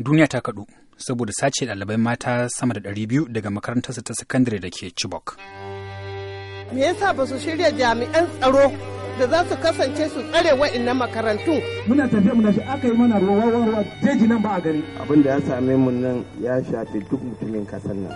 duniya ta kaɗu saboda sace ɗalibai mata sama da 200 daga makarantarsa ta sakandare da ke Chibok. Me yasa ba su shirya jami'an tsaro da za su kasance su tsare wa'annan makarantu? Muna tafiya muna shi aka yi mana ruwa ruwa jeji nan ba a gari. Abin da ya same mu nan ya shafi duk mutumin kasar nan.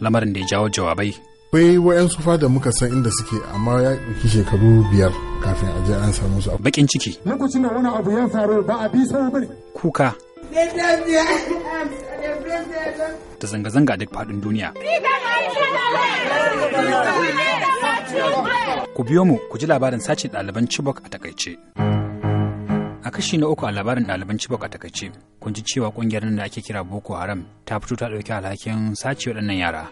Lamarin da ya jawo jawabai akwai wayansu fada muka san inda suke amma ya ɗauki shekaru biyar kafin a je an samu su bakin ciki lokacin da wani abu ya faru ba a bi sau bane kuka da zanga-zanga duk faɗin duniya. Ku biyo mu ku ji labarin sace ɗaliban Chibok a takaice. A kashi na uku a labarin ɗaliban Chibok a takaice, kun ji cewa ƙungiyar nan da ake kira Boko Haram ta fito ta ɗauki alhakin sace waɗannan yara.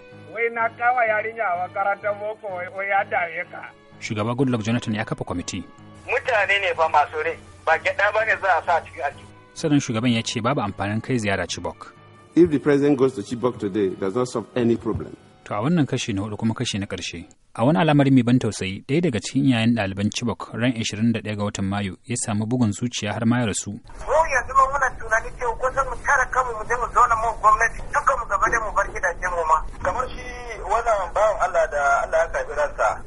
na kawa yarinya a makaranta boko wai ya dame ka. Shugaba Goodluck Jonathan ya kafa kwamiti. Mutane ne fa masu rai, ba gyaɗa ba ne za a sa cikin aji. Sannan shugaban ya ce babu amfanin kai ziyara Chibok. If the president goes to Chibok today, does not solve any problem. To a wannan kashi na hudu kuma kashi na ƙarshe. A wani alamar mai ban tausayi, ɗaya daga cikin iyayen ɗaliban Chibok ran 21 ga watan Mayu ya samu bugun zuciya har ma ya rasu. Mu yanzu ba muna tunani cewa ko mu tara kanmu mu je mu zauna mu gwamnati dukkan mu gaba da mu bar gidajen mu ma. Kamar shi wannan bawan Allah da Allah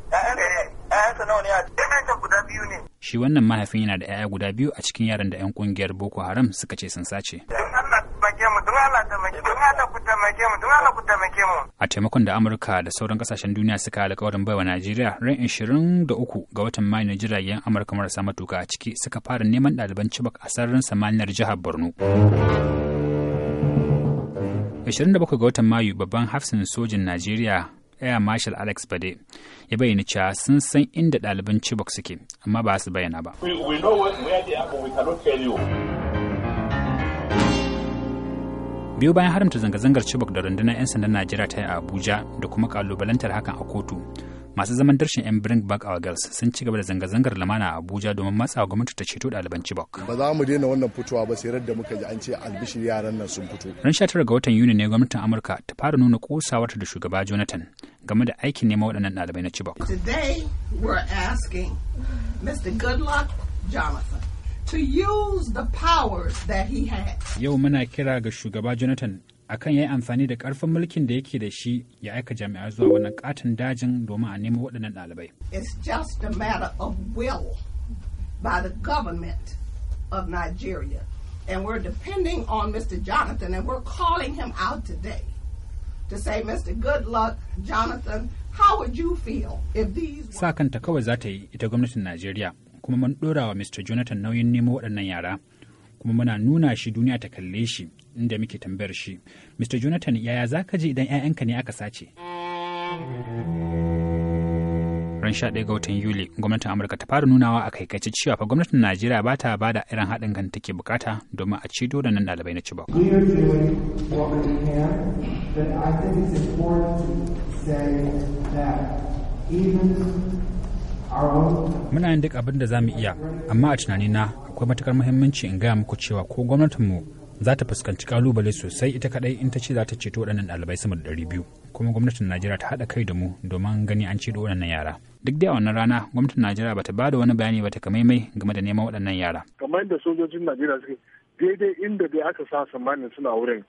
shi wannan mahaifin yana da 'ya'ya guda biyu a cikin yaran da 'yan ƙungiyar Boko Haram suka ce sun sace A taimakon da Amurka da sauran ƙasashen duniya suka alkawarin baiwa Najeriya ran ishirin da uku ga watan Mayu na jiragen Amurka marasa matuka a ciki suka fara neman ɗaliban Chibok a sararin samaniyar jihar Borno. 27 ga watan Mayu babban hafsin sojin Najeriya Air Marshal Alex Bade ya bayyana cewa sun san inda ɗaliban Chibok suke amma ba su bayyana ba. biyu bayan haramta zanga-zangar Chibok da rundunar 'yan sandan Najeriya ta yi a Abuja da kuma kalubalantar hakan a kotu. masu zaman darshin 'yan bring back our girls sun ci gaba da zanga-zangar lamana a abuja domin matsa gwamnati ta ceto ɗaliban chibok ba za mu daina wannan fitowa ba sai da muka ji an ce albishir yaran nan sun fito ran 19 ga watan yuni ne gwamnatin amurka ta fara nuna kusawarta da shugaba jonathan game da aikin neman waɗannan ɗalibai na chibok today we're asking mr goodluck jonathan to the powers yau muna kira ga shugaba jonathan akan ya yi amfani da karfin mulkin da yake da shi ya aika jami'ai zuwa wannan katin dajin domin a nemo waɗannan ɗalibai. It's just a matter of will by the government of Nigeria. And we're depending on Mr. Jonathan and we're calling him out today to say, Mr. Good luck, Jonathan, how would you feel if these... Sa kanta kawai za ta yi ita gwamnatin Najeriya kuma mun ɗora wa Mr. Jonathan nauyin nemo waɗannan yara. kuma muna nuna shi duniya ta kalle shi inda muke tambayar shi mr jonathan yaya za ka ji idan 'ya'yanka ne aka sace ran 11 ga watan yuli gwamnatin amurka ta fara nunawa a kaikace cewa fa gwamnatin najeriya ba ta ba da irin haɗin kan take bukata domin a cido da nan ɗalibai na ci ba. muna yin duk abin da za mu iya amma a tunanina akwai matukar muhimmanci in gaya muku cewa ko gwamnatinmu za ta fuskanci kalubale sosai ita kadai in ta ce za ta ceto waɗannan ɗalibai sama da ɗari biyu kuma gwamnatin najeriya ta haɗa kai da mu domin gani an ceto waɗannan yara duk da wannan rana gwamnatin najeriya bata ba da wani bayani ba ta kamaimai game da neman waɗannan yara kamar yadda sojojin najeriya suke daidai inda dai aka sa samanin suna wurin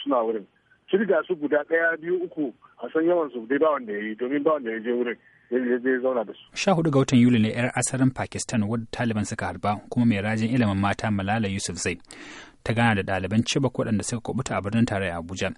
suna wurin kirga su guda ɗaya biyu uku a san yawan su dai ba wanda ya yi domin ba wanda ya je wurin zai zauna da su. Sha hudu ga watan Yuli ne 'yar asarin Pakistan wadda Taliban suka harba kuma mai rajin ilimin mata Malala Yusuf Zai ta gana da ɗaliban Chibok waɗanda suka kubuta a birnin tarayya Abuja.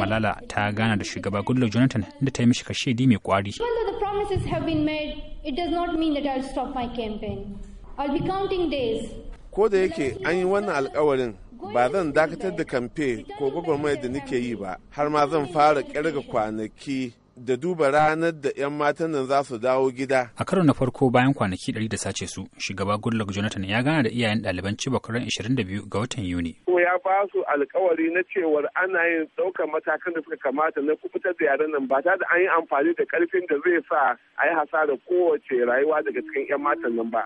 Malala ta gana da shugaba Goodluck Jonathan da ta yi mishi kashedi mai kwari. promises have been made, it does not mean that I'll stop my campaign. I'll be counting days ko da yake an yi wannan alkawarin ba zan dakatar da kamfe ko gwagwarmaya da nake yi ba har ma zan fara kirga kwanaki da duba ranar da 'yan matan nan za su dawo gida. A karo na farko bayan kwanaki 100 da sace su, shugaba Goodluck Jonathan ya gana da iyayen ɗaliban Chibok 22 ga watan Yuni. Ko ya ba su alkawari na cewar ana yin ɗaukar matakan da suka kamata na kubutar da yaran nan ba ta da an yi amfani da ƙarfin da zai sa a yi hasarar kowace rayuwa daga cikin 'yan matan nan ba.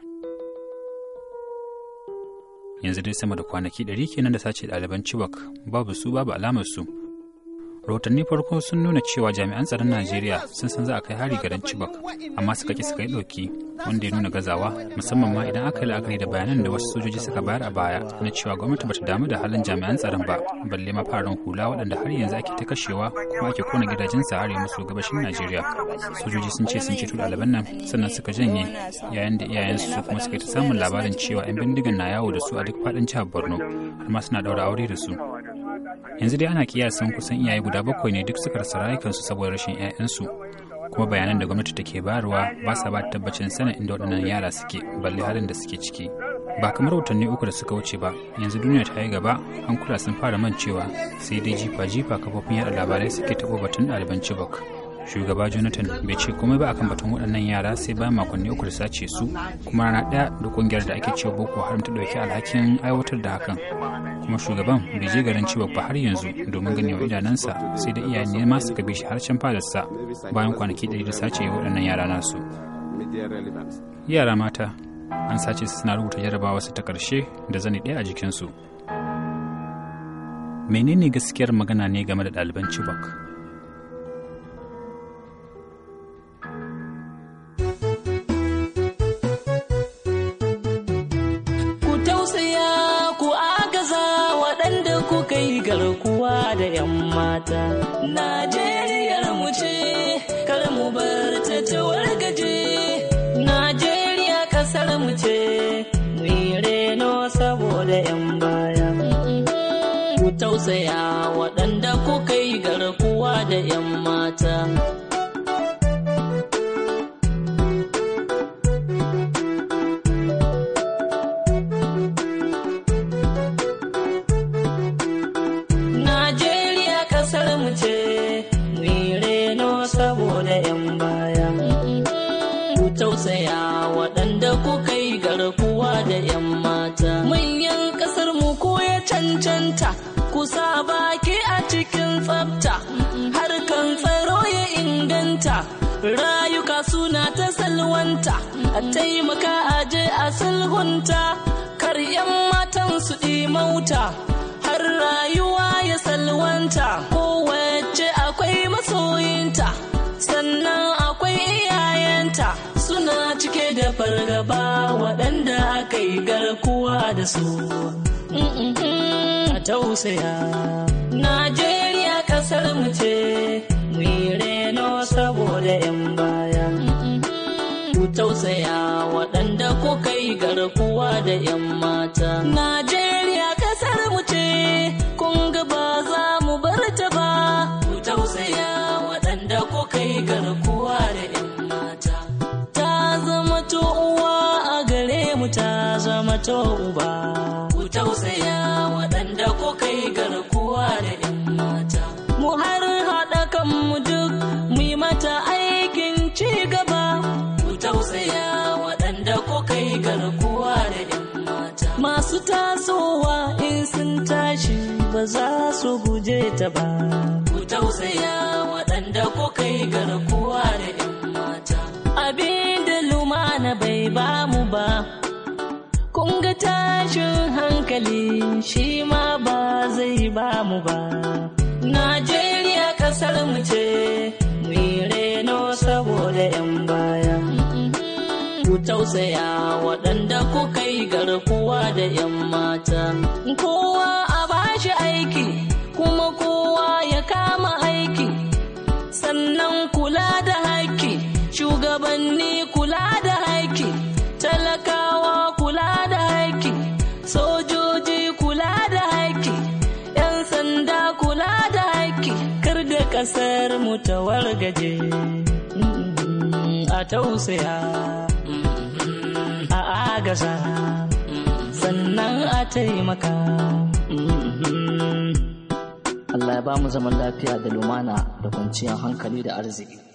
yanzu dai sama da kwanaki ɗari kenan da sace ɗaliban chibok babu su babu alamar su rahotanni farko sun nuna cewa jami'an tsaron najeriya sun san za a kai hari ga garin chibok amma suka ki suka yi ɗauki wanda ya nuna gazawa musamman ma idan aka yi la'akari da bayanan da wasu sojoji suka bayar a baya na cewa gwamnati bata damu da halin jami'an tsaron ba balle ma fararen hula waɗanda har yanzu ake ta kashewa kuma ake kona gidajen arewa musu gabashin najeriya sojoji sun ce sun ceto ɗaliban nan sannan suka janye yayin da iyayensu su kuma suka ta samun labarin cewa 'yan bindigan na yawo da su a duk faɗin jihar borno amma suna ɗaura aure da su yanzu dai ana kiyasin kusan iyaye guda bakwai ne duk suka rasa rayukansu saboda rashin 'ya'yansu kuma bayanan da gwamnati take bayarwa ba sa ba tabbacin sanin inda waɗannan yara suke balle halin da suke ciki ba kamar watanni uku da suka wuce ba yanzu duniya ta yi gaba an kula sun fara mancewa sai dai jifa jifa kafofin yada labarai suke taɓo batun ɗaliban chibok shugaba jonathan bai ce komai ba akan batun waɗannan yara sai bayan makonni uku da sace su kuma rana ɗaya da ƙungiyar da ake cewa boko haram ta ɗauki alhakin aiwatar da hakan kuma shugaban bai je garin ciwo ba har yanzu domin wa idanunsa sai da iyayen ne ma suka bi shi har can fadarsa bayan kwanaki ɗari da sace waɗannan yara nasu yara mata an sace su suna rubuta jarabawa su ta ƙarshe da zani ɗaya a jikinsu menene gaskiyar magana ne game da ɗaliban chibok mata Najeriyar mu ce kar mu bar ta ta wargaje Najeriya kasar mu ce mu yi reno saboda 'yan baya ku tausaya tsafta kusa baki a cikin tsafta harkan tsaro ya inganta rayuka suna ta salwanta a taimaka aje a sulhunta kar 'yan matan su mauta har rayuwa ya salwanta kowace akwai masoyinta sannan akwai iyayenta suna cike da fargaba waɗanda aka yi garkuwa da su a tausaya. Najeriya kasar mu ce, mu yi reno saboda 'yan baya. Ku tausaya waɗanda kuka yi garkuwa da 'yan mata. Najeriya kasar mu ce, kun gaba ta zama tauba. Ku tausaya waɗanda ko kai garkuwa da 'yan mata. Mu har haɗa kanmu duk mu yi mata aikin ci gaba. Ku tausaya waɗanda ko kai garkuwa da 'yan mata. Masu tasowa in sun tashi ba za su guje ta ba. Ku tausaya waɗanda ko kai garkuwa da 'yan mata. Abin da lumana bai bamu ba. Kunga tashin hankali shi ma ba zai ba mu ba. Najeriya ƙasar mu ce, mu reno saboda 'yan baya. Ku tausaya waɗanda kuka yi garkuwa da 'yan mata. Kowa kasar mu ta wargaje a tausaya a agaza sannan a taimaka Allah ya ba mu zaman lafiya da lumana da kwanciyar hankali da arziki